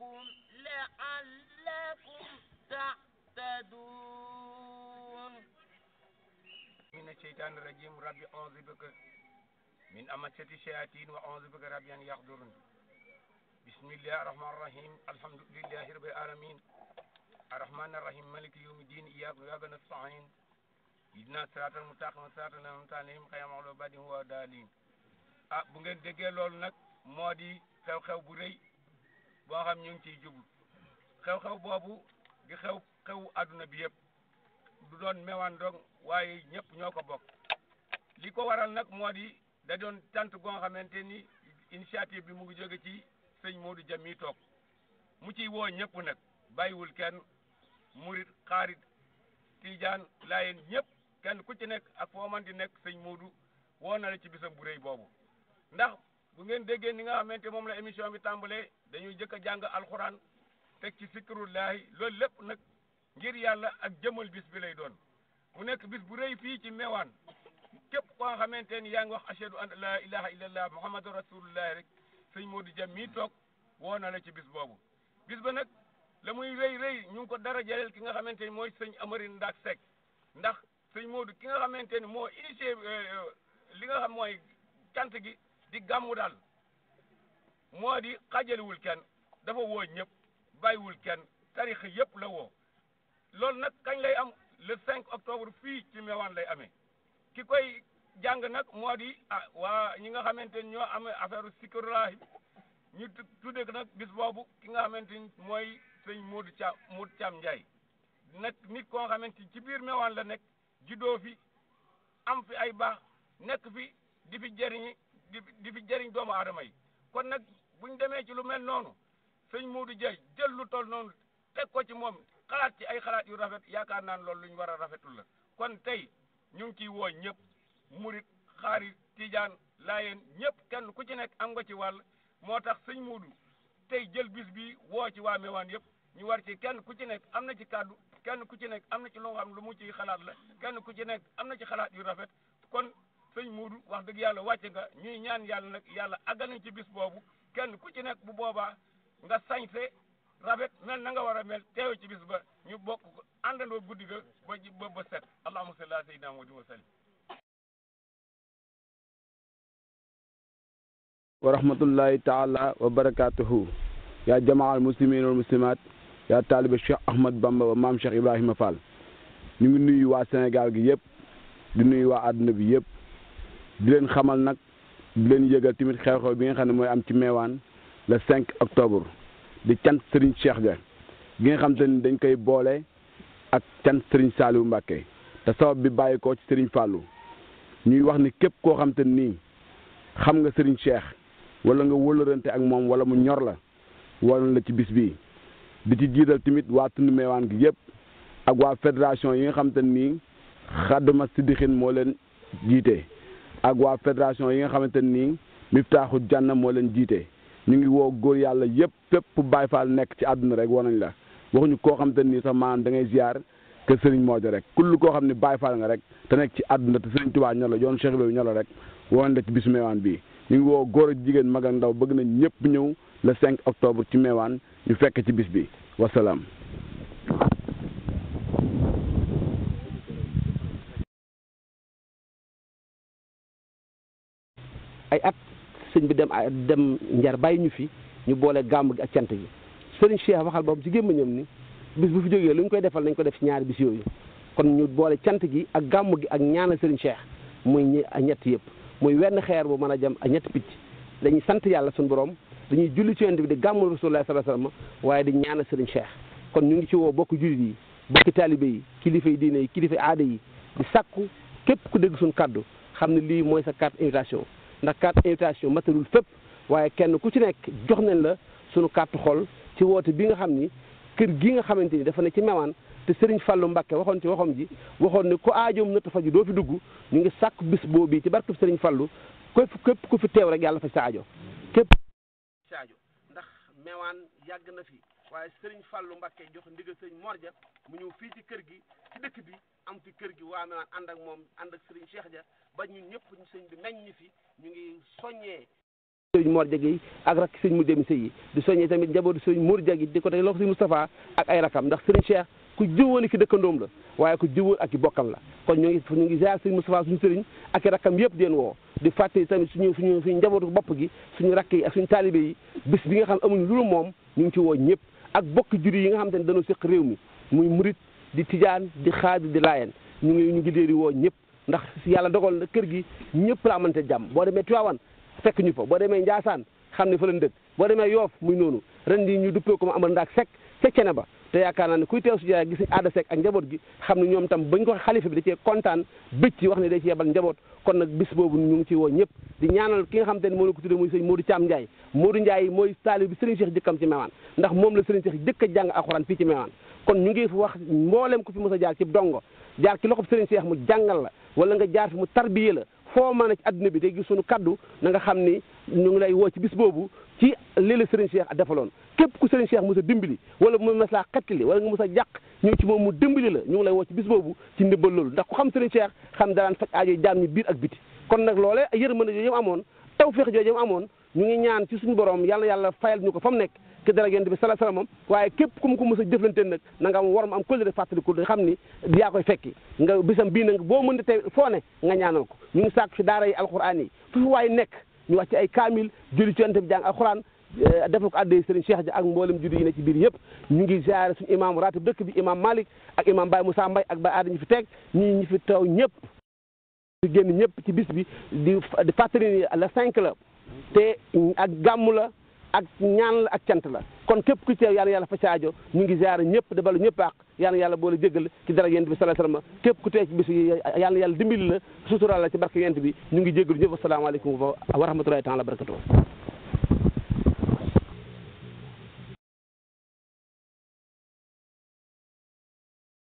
ربكم لعلكم تعتدون من الشيطان الرجيم ربي أعوذ بك من أمسة الشياطين وأعوذ بك ربي أن يحضرون بسم الله الرحمن الرحيم الحمد لله رب العالمين الرحمن الرحيم ملك يوم الدين إياك وإياك نستعين إدنا الصراط المتقين صراط الذين عليهم غير المغضوب عليهم ولا الضالين ah bu ngeen déggee loolu nag moo di xew-xew boo xam ñu ngi ciy jublu xew-xew boobu di xew xewu àdduna bi yëpp du doon mewaan dong waaye ñëpp ñoo ko bokk li ko waral nag moo di da doon tant goo xamante ni initiative bi mu ngi jóge ci sëñ Modou Dia mi toog mu ciy woo ñëpp nag bàyyiwul kenn murit xaarit tijaan laayeen ñëpp kenn ku ci nekk ak foo man di nekk sëñ Modou woo na la ci bisam bu rëy boobu ndax bu ngeen déggee ni nga xamante moom la émission bi tàmbalee dañuy jëkk a jàng alxuraan teg ci sikkirullaahi loolu lépp nag ngir yàlla ak jëmal bis bi lay doon mu nekk bis bu rëy fii ci meewaan képp koo xamante ni yaa ngi wax ashadu an la ilaha illallah muhammadu rasulullahi rek sëñ Modou Dia mii toog woo na la ci bis boobu bis ba nag la muy rëy rëy ñu ngi ko dara jaleel ki nga xamante ni mooy sëñ amarin Ndaak Seck ndax sëñ Modou ki nga xamante ni moo initié euh, euh, li nga xam mooy cant gi di gàmmu daal moo di xaajaliwul kenn dafa woo ñëpp bàyyiwul kenn tarix yëpp la woo loolu nag kañ lay am le 5 octobre fii ci Mewane lay amee ki koy jàng nag moo di a ah, waa ñi nga xamante ni ñoo amee affaire sikirulahi ñu tuddee dek nag bis boobu ki nga xamante ni mooy sëñ Modou Thiam Modou Thiam Ndiaye nag nit koo xamante ci biir Mewane la nekk juddoo fi am fi ay baax nekk fi di fi jëriñi di di fi jëriñ doomu aadama yi kon nag buñ demee ci lu mel noonu sëñ Modou Dieye jël lu toll noonu teg ko ci moom xalaat ci ay xalaat yu rafet yaakaar naan loolu lu war a rafetul la kon tey ñu ngi ciy woo ñëpp murit xaari tijaan laayeen ñëpp kenn ku ci nekk am nga ci wàll moo tax sëñ Modou tey jël bis bi woo ci waa Mewane yëpp ñu war ci kenn ku ci nekk am na ci kàddu kenn ku ci nekk am na ci lu nga xam lu mu ciy xalaat la kenn ku ci nekk am na ci xalaat yu rafet kon sëñ wax dëgg yàlla wàcc nga ñuy ñaan yàlla nag yàlla àggal nañ ci bis boobu kenn ku ci nekk bu booba nga sañse rafet mel na nga war a mel teew ci bis ba ñu bokk àndandoo guddi ga ba set allahumma salli wa sallim yaa jamaa al muslimin wal yaa taaliba Cheikh Ahmad Bamba wa maam Cheikh Ibrahima Fall ñu ngi nuyu waa Sénégal gi yëpp di nuyu waa àdduna bi yëpp di leen xamal nag di leen yégal tamit xew-xew bi nga xam ne mooy am ci meewaan le cinq octobre di cant Serigne Cheikh ga gi nga xam te ni dañ koy boole ak cant Serigne Saliou Mbacke te sabab bi bàyyi ko ci Serigne Fallou ñuy wax ni képp koo xam te nii xam nga sëriñ Cheikh wala nga wëlërante ak moom wala mu ñor la waroon la ci bis bi di ci jiital tamit waa tund meewaan gi yëpp ak waa fédération yi nga xam te nii xadduma siddixin moo leen jiite. ak waa fédération yi nga xamante ni Miftaaxul Janna moo leen jiite ñu ngi woo góor yàlla yëpp fépp Baay Faal nekk ci àdduna rek war nañ la waxuñu koo xamante ni sax maanaam da ngay ziar que Serigne Modou rek kull koo xam ne Baay Faal nga rek te nekk ci àdduna te Serigne Touba ñor la yoon Cheikh Ibrahima ñor la rek woo nañ la ci bii. ñu ngi woo góor ak jigéen mag ndaw bëgg nañ ñëpp ñëw le cinq octobre ci meewaan ñu fekk ci bis bi wasalaam. ay at sëñ bi dem dem njar bàyyi ñu fi ñu boole gàmm gi ak cant gi sëriñ Cheikh waxal boobu ci gémmiñam ni bis bu fi jógee lu ñu koy defal nañ ko def ci ñaari bis yooyu kon ñu boole cant gi ak gàmm gi ak ñaanal sëriñ Cheikh muy ñett yëpp muy wenn xeer bu mën a jëm ak ñett picc dañuy sant yàlla suñ borom dañuy julli ci yonent bi di gàmmu rasulullah sallallahu alayhi wasallam waaye di ñaanal sëriñ Cheikh kon ñu ngi ci woo bokk jullit yi bokki taalibe yi kilifa y diine yi kilifa aada yi di sàkku képp ku dégg suñu kàddu xam ne lii mooy sa carte invitation ndax carte invitation matalul fépp waaye kenn ku ci nekk jox nañ la sunu carte xol ci woote bi nga xam ni kër gi nga xamante ni dafa ne ci Mewane te Serigne Fallou Mbacke waxoon ci waxam ji waxoon ne ku aajoom na faju doo fi dugg ñu ngi sàkk bis boobu ci barkeb Serigne fallu képp képp ku fi teew rek yàlla faj sa aajo képp sa ndax Mewane yàgg na fi waaye sëriñ Fallou Mbakke jox ndigal sëriñ Morja mu ñëw fii ci kër gi ci dëkk bi am fi kër gi waa mi naan ànd ak moom ànd ak sëriñ Cheikh Dia ba ñun ñëpp ñu sëñ bi meññ ñi fi ñu ngi soññee sëriñ Morja gi ak rakk sëriñ mu dem sëy yi di soññee tamit njabootu sëriñ Morja gi di ko teg loxo sëriñ Moustapha ak ay rakam ndax sëriñ Cheikh ku jëwoon ki dëkkandoom la waaye ku jëwoon ak i bokkam la kon ñu ngi ñu ngi ziar sëriñ Moustapha suñu sëriñ ak i rakkam yëpp deen woo di fàtte tamit suñu suñu suñu njabootu bopp gi suñu rakk yi ak suñu taalibe yi bis bi nga xam amuñ lu moom ñu ngi ci woo ñëpp ak bokki juri yi nga xam te ne dañoo séq réew mi muy murit di tijaan di xaadir di laayeen ñu ngi ñu ngi leen woo ñëpp ndax yàlla dogal na kër gi ñëpp la amante jàmm boo demee Tiwaawan fekk ñu fa boo demee Njaasaan xam ne fa lañ dëkk boo demee Yoof muy noonu ren di ñu duppee ko ma amal ndaak sekk ca cene ba te yaakaar naa ne kuy teew si jaay gis aada sek ak njaboot gi xam ne ñoom itam bañ ko xalifa bi da kontaan bëcc ci wax ne da ci yebal njaboot kon nag bis boobu ñu ngi ci woo ñëpp di ñaanal ki nga xam te ne moo la ko tuddee muy sëñ Modou Thiam Ndiaye Modou Ndiaye mooy taalib bi sëriñ Cheikh jëkkam ci Mewane ndax moom la sëriñ Cheikh jëkk a jàng alxuraan fii ci Mewane kon ñu ngi wax mboolem ku fi mos a jaar ci dongo jaar ci loxob sëriñ Cheikh mu jàngal la wala nga jaar fi mu tarbiye la foo mën a ci àdduna bi te gis suñu kaddu na nga xam ni ñu ngi lay woo ci bis boobu ci lii la Serigne Cheikh defaloon képp ku Serigne Cheikh mu a dimbali wala mu mos laa xettali wala nga mos a jàq ñëw ci moom mu dimbali la ñu ngi lay woo ci bis boobu ci ndimbal loolu ndax ku xam Serigne Cheikh xam daraan faj aajo jaam ñi biir ak biti kon nag loolee yërmande jooju amoon taw feex jooju amoon ñu ngi ñaan ci suñu borom yàlla yàlla fayal ñu ko fa mu nekk ki dara yonent bi sallallahu alayhi wasallam waaye képp ku mu ko mës a jëflante nag na nga am war ma am kóllëre fàttaliku di xam ni yaa koy fekki nga bisam bii nag boo mënta tey foo nga ñaanal ko ñu ngi sàkk ci daara yi alxuraan yi fu waay nekk ñu wax ci ay kaamil julli ci yonent bi jàng alxuraan eh, defal ko addee Serigne Cheikh Dia ak mboolem juddu yi ne ci biir yëpp ñu ngi ziare suñu imam ratib dëkk bi imam Malick ak imam Baye Moussa Mbaye ak Baye Adama ñu fi teg ñu fi ci bis bi di fàttali ni la cinq la te ak la ak ñaan la ak cant la kon képp ku teew yàlla yàlla fa saajo ñu ngi ziare ñëpp da balu ñëpp àq yàlla yàlla boole jéggal ci dara yent bi sallallahu alayhi wasallam képp ku teew ci yàlla yàlla dimbali la sutural la ci barke yent bi ñu ngi jéggalu ñëpp asalaamaaleykum wa rahmatulahi taala wa barakatuh